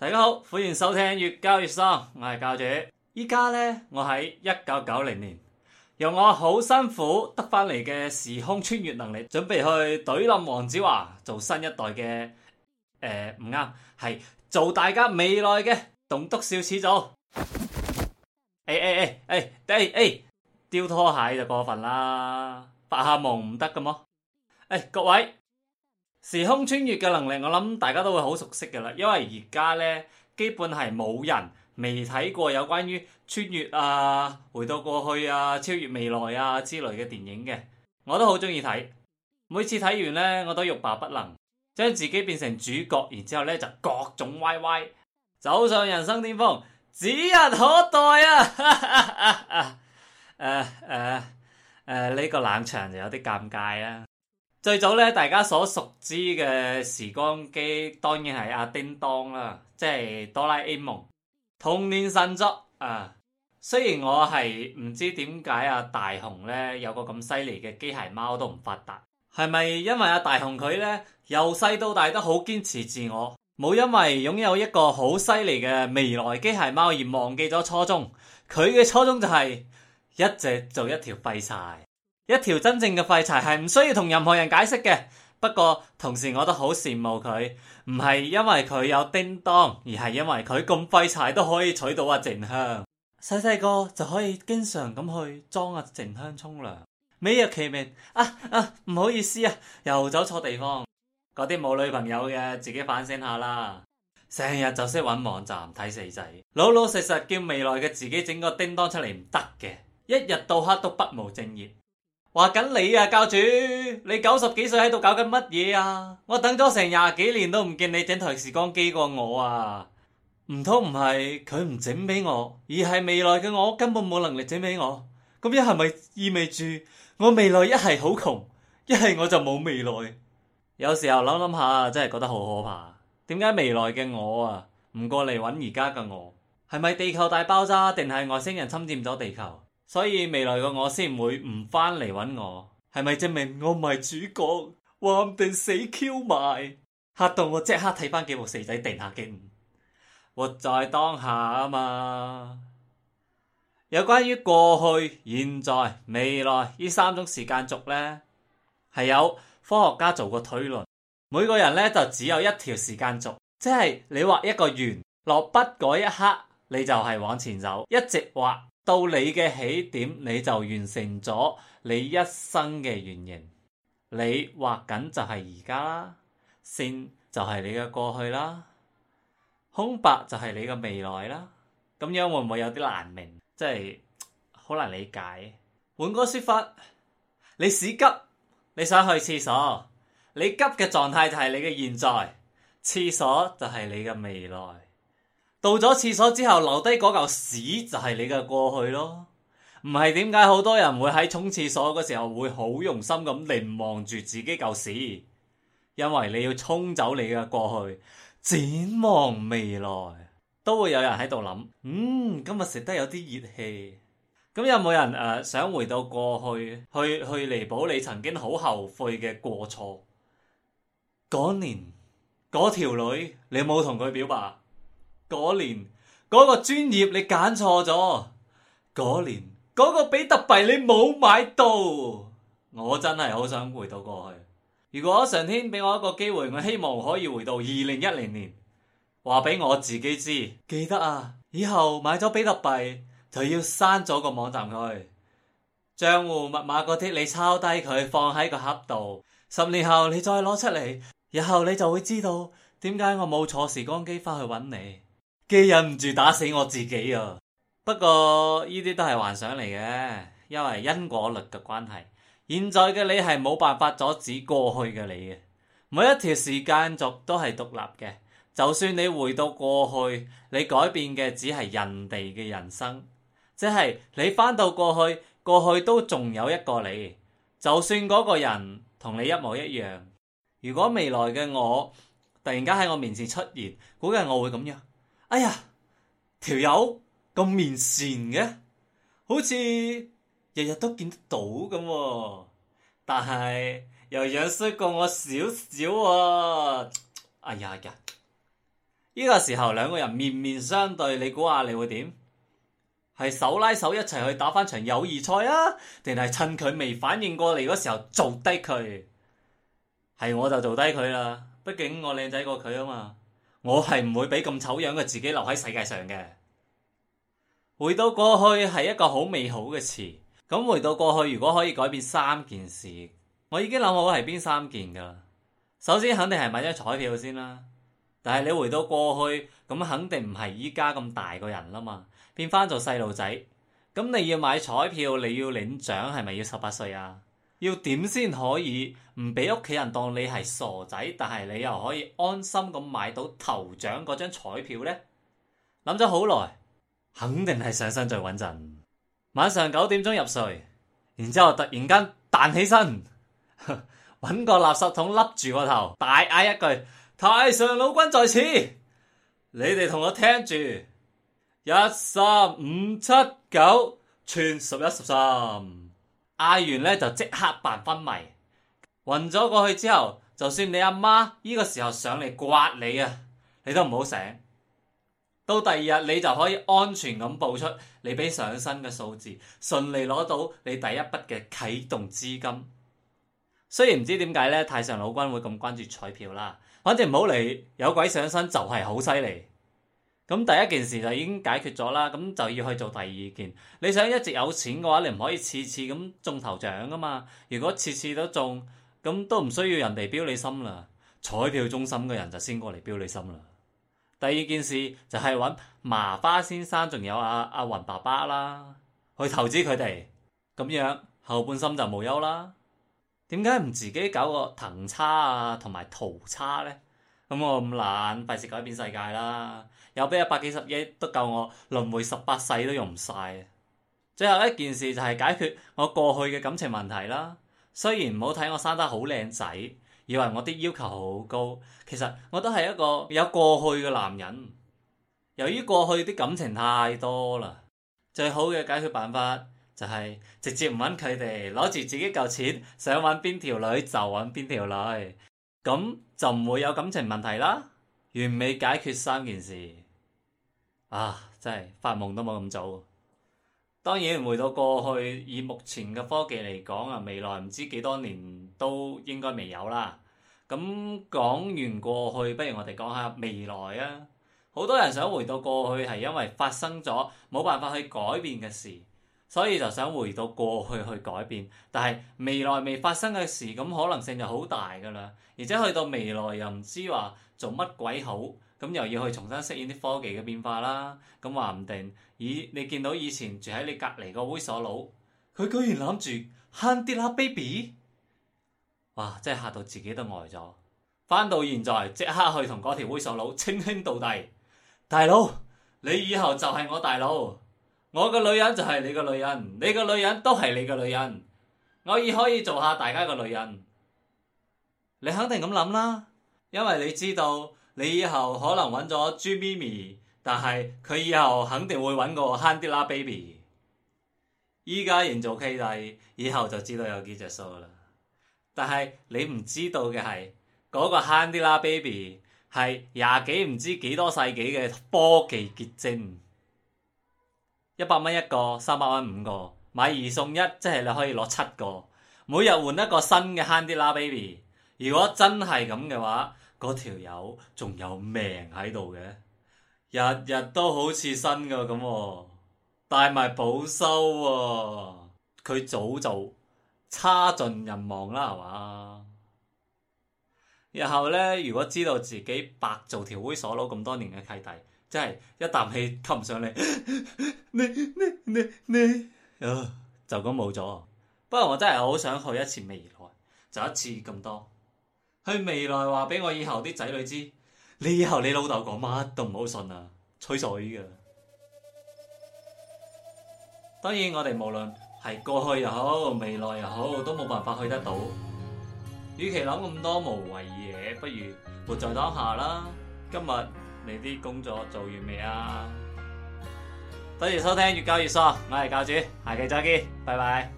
大家好，歡迎收聽粵教粵喪，我係教主。依家呢，我喺一九九零年，用我好辛苦得翻嚟嘅時空穿越能力，準備去懟冧黃子華，做新一代嘅誒唔啱，係、呃、做大家未來嘅棟篤笑始祖。誒誒誒誒，誒、哎、誒、哎哎哎哎，丟拖鞋就過分啦，發下夢唔得噶麼？誒、哎、各位。時空穿越嘅能力，我諗大家都會好熟悉嘅啦，因為而家咧基本係冇人未睇過有關於穿越啊、回到過去啊、超越未來啊之類嘅電影嘅。我都好中意睇，每次睇完咧，我都欲罷不能，將自己變成主角，然之後咧就各種 YY，走上人生巔峰，指日可待啊！誒誒誒，呢、啊啊啊呢個冷場就有啲尷尬啦、啊。最早咧，大家所熟知嘅時光機，當然係阿叮噹啦，即係哆啦 A 夢。童年神作啊！雖然我係唔知點解阿大雄咧有個咁犀利嘅機械貓都唔發達，係咪因為阿大雄佢咧由細到大都好堅持自我，冇因為擁有一個好犀利嘅未來機械貓而忘記咗初衷。佢嘅初衷就係一直做一條廢柴。一條真正嘅廢柴係唔需要同任何人解釋嘅。不過同時我都好羨慕佢，唔係因為佢有叮當，而係因為佢咁廢柴都可以娶到阿靜香。細細個就可以經常咁去裝阿靜香沖涼，美若其名。啊啊，唔好意思啊，又走錯地方。嗰啲冇女朋友嘅自己反省下啦。成日就識揾網站睇四仔，老老實實叫未來嘅自己整個叮當出嚟唔得嘅，一日到黑都不務正業。話緊你啊，教主，你九十幾歲喺度搞緊乜嘢啊？我等咗成廿幾年都唔見你整台時光機過我啊！唔通唔係佢唔整畀我，而係未來嘅我根本冇能力整畀我？咁樣係咪意味住我未來一係好窮，一係我就冇未來？有時候諗諗下，真係覺得好可怕。點解未來嘅我啊，唔過嚟揾而家嘅我？係咪地球大爆炸，定係外星人侵佔咗地球？所以未來嘅我先會唔翻嚟揾我，係咪證明我唔係主角？話唔定死 Q 埋，吓到我即刻睇翻幾部四仔定下驚。活在當下啊嘛！有關於過去、現在、未來呢三種時間軸呢，係有科學家做過推論。每個人呢，就只有一條時間軸，即係你畫一個圓，落筆嗰一刻你就係往前走，一直畫。到你嘅起點，你就完成咗你一生嘅原型。你畫緊就係而家啦，線就係你嘅過去啦，空白就係你嘅未來啦。咁樣會唔會有啲難明？即係好難理解。換個說法，你屎急，你想去廁所，你急嘅狀態就係你嘅現在，廁所就係你嘅未來。到咗廁所之後，留低嗰嚿屎就係你嘅過去咯。唔係點解好多人會喺沖廁所嘅時候會好用心咁凝望住自己嚿屎？因為你要沖走你嘅過去，展望未來。都會有人喺度諗，嗯，今日食得有啲熱氣。咁有冇人誒、呃、想回到過去，去去彌補你曾經好後悔嘅過錯？嗰年嗰條女，你冇同佢表白？嗰年嗰個專業你揀錯咗，嗰年嗰個比特幣你冇買到，我真係好想回到過去。如果我上天俾我一個機會，我希望可以回到二零一零年，話俾我自己知，記得啊，以後買咗比特幣就要刪咗個網站佢，賬戶密碼嗰啲你抄低佢，放喺個盒度，十年後你再攞出嚟，以後你就會知道點解我冇坐時光機翻去揾你。既忍唔住打死我自己啊！不過呢啲都係幻想嚟嘅，因為因果律嘅關係，現在嘅你係冇辦法阻止過去嘅你嘅。每一條時間軸都係獨立嘅，就算你回到過去，你改變嘅只係人哋嘅人生，即係你翻到過去，過去都仲有一個你。就算嗰個人同你一模一樣，如果未來嘅我突然間喺我面前出現，估計我會咁樣。哎呀，條友咁面善嘅，好似日日都見得到咁喎，但係又樣衰過我少少喎。哎呀呀！呢個時候兩個人面面相對，你估下你會點？係手拉手一齊去打翻場友誼賽啊？定係趁佢未反應過嚟嗰時候做低佢？係我就做低佢啦，畢竟我靚仔過佢啊嘛。我係唔會俾咁醜樣嘅自己留喺世界上嘅。回到過去係一個好美好嘅詞。咁回到過去如果可以改變三件事，我已經諗好係邊三件噶啦。首先肯定係買張彩票先啦。但係你回到過去，咁肯定唔係依家咁大個人啦嘛，變翻做細路仔。咁你要買彩票，你要領獎，係咪要十八歲啊？要點先可以唔俾屋企人當你係傻仔，但係你又可以安心咁買到頭獎嗰張彩票呢？諗咗好耐，肯定係上身最穩陣。晚上九點鐘入睡，然之後突然間彈起身，揾個垃圾桶笠住個頭，大嗌一句：太上老君在此！你哋同我聽住，一三五七九，全十一十三。嗌完咧就即刻扮昏迷，暈咗過去之後，就算你阿媽呢個時候上嚟刮你啊，你都唔好醒。到第二日你就可以安全咁報出你俾上身嘅數字，順利攞到你第一筆嘅啟動資金。雖然唔知點解咧太上老君會咁關注彩票啦，反正唔好理，有鬼上身就係好犀利。咁第一件事就已經解決咗啦，咁就要去做第二件。你想一直有錢嘅話，你唔可以次次咁中頭獎噶嘛？如果次次都中，咁都唔需要人哋標你心啦。彩票中心嘅人就先過嚟標你心啦。第二件事就係揾麻花先生，啊，仲有阿阿雲爸爸啦，去投資佢哋，咁樣後半生就無憂啦。點解唔自己搞個騰差啊，同埋逃差呢？咁我咁懶，費事改變世界啦。有俾一百幾十億都夠我輪回十八世都用唔晒。最後一件事就係解決我過去嘅感情問題啦。雖然唔好睇我生得好靚仔，以為我啲要求好高，其實我都係一個有過去嘅男人。由於過去啲感情太多啦，最好嘅解決辦法就係直接唔揾佢哋，攞住自己嚿錢，想揾邊條女就揾邊條女。咁就唔會有感情問題啦，完美解決三件事啊！真係發夢都冇咁早。當然回到過去，以目前嘅科技嚟講啊，未來唔知幾多年都應該未有啦。咁講完過去，不如我哋講下未來啊。好多人想回到過去，係因為發生咗冇辦法去改變嘅事。所以就想回到過去去改變，但係未來未發生嘅事，咁可能性就好大噶啦。而且去到未來又唔知話做乜鬼好，咁又要去重新適應啲科技嘅變化啦。咁話唔定，咦，你見到以前住喺你隔離個猥瑣佬，佢居然諗住慳啲啦，baby，哇！真係嚇到自己都呆咗。翻到現在即刻去同嗰條猥瑣佬稱兄道弟，大佬你以後就係我大佬。我個女人就係你個女人，你個女人都係你個女人，偶爾可以做下大家個女人。你肯定咁諗啦，因為你知道你以後可能揾咗朱咪咪，imi, 但係佢以後肯定會揾個慳啲啦 baby。依家仍做契弟，以後就知道有幾隻數啦。但係你唔知道嘅係嗰個慳啲啦 baby 係廿幾唔知幾多少世紀嘅科技結晶。一百蚊一個，三百蚊五個，買二送一，即係你可以攞七個。每日換一個新嘅 Handy 啦，baby。如果真係咁嘅話，嗰條友仲有命喺度嘅，日日都好似新嘅咁，哦，帶埋保修喎，啊。佢早就差盡人望啦，係嘛？日後咧，如果知道自己白做條猥瑣佬咁多年嘅契弟。真係一啖氣吸唔上嚟， 你你你你，啊就咁冇咗。不過我真係好想去一次未來，就一次咁多。去未來話俾我以後啲仔女知，你以後你老豆講乜都唔好信呀，吹水㗎。當然我哋無論係過去又好，未來又好，都冇辦法去得到。與其諗咁多無謂嘢，不如活在當下啦。今日。你啲工作做完未啊？多謝收聽《粵教粵喪》，我係教主，下期再見，拜拜。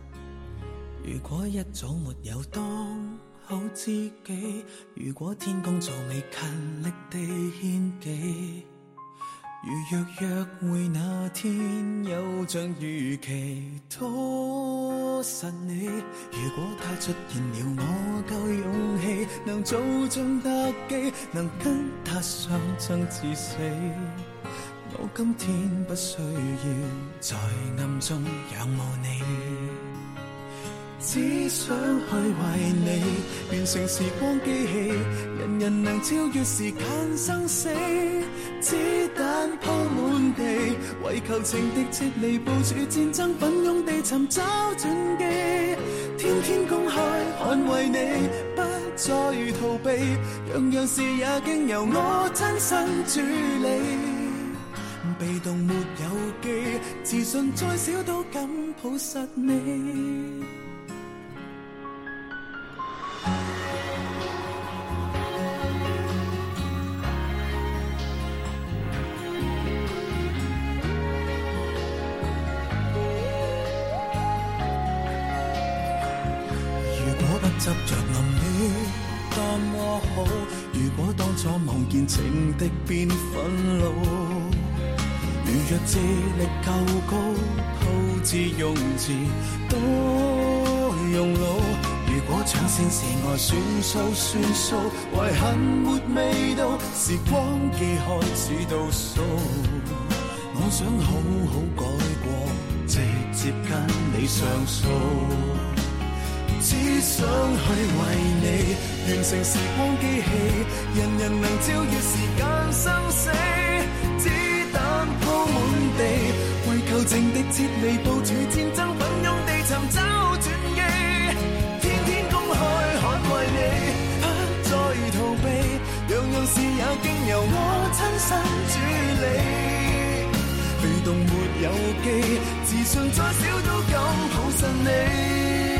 如果一早沒有當好知己，如果天公造美，勤力地獻技，如若約會那天有像預期多。若實你，如果他出現了，我夠勇氣，能做盡特技，能跟他相爭至死。我今天不需要在暗中仰慕你，只想去為你完成時光機器，人人能超越時間生死，子彈鋪滿地。求情的撤離，部署戰爭，奮勇地尋找轉機，天天公開捍衛你，不再逃避，樣樣事也經由我親身處理，被動沒有機，自信再小都敢抱實你。所望見情敵變憤怒，如若智力夠高，鋪字用字多用腦。如果搶先示愛算數算數，遺憾沒味道。時光機開始倒數，我想好好改過，直接跟你上訴。只想去為你完成時光機器，人人能超越時間生死，子彈鋪滿地，為求情敵撤離，部署戰爭，奮勇地尋找轉機，天天公開捍衛你，不再逃避，樣樣事也經由我親身處理，被動沒有機，自信再小都敢抱實你。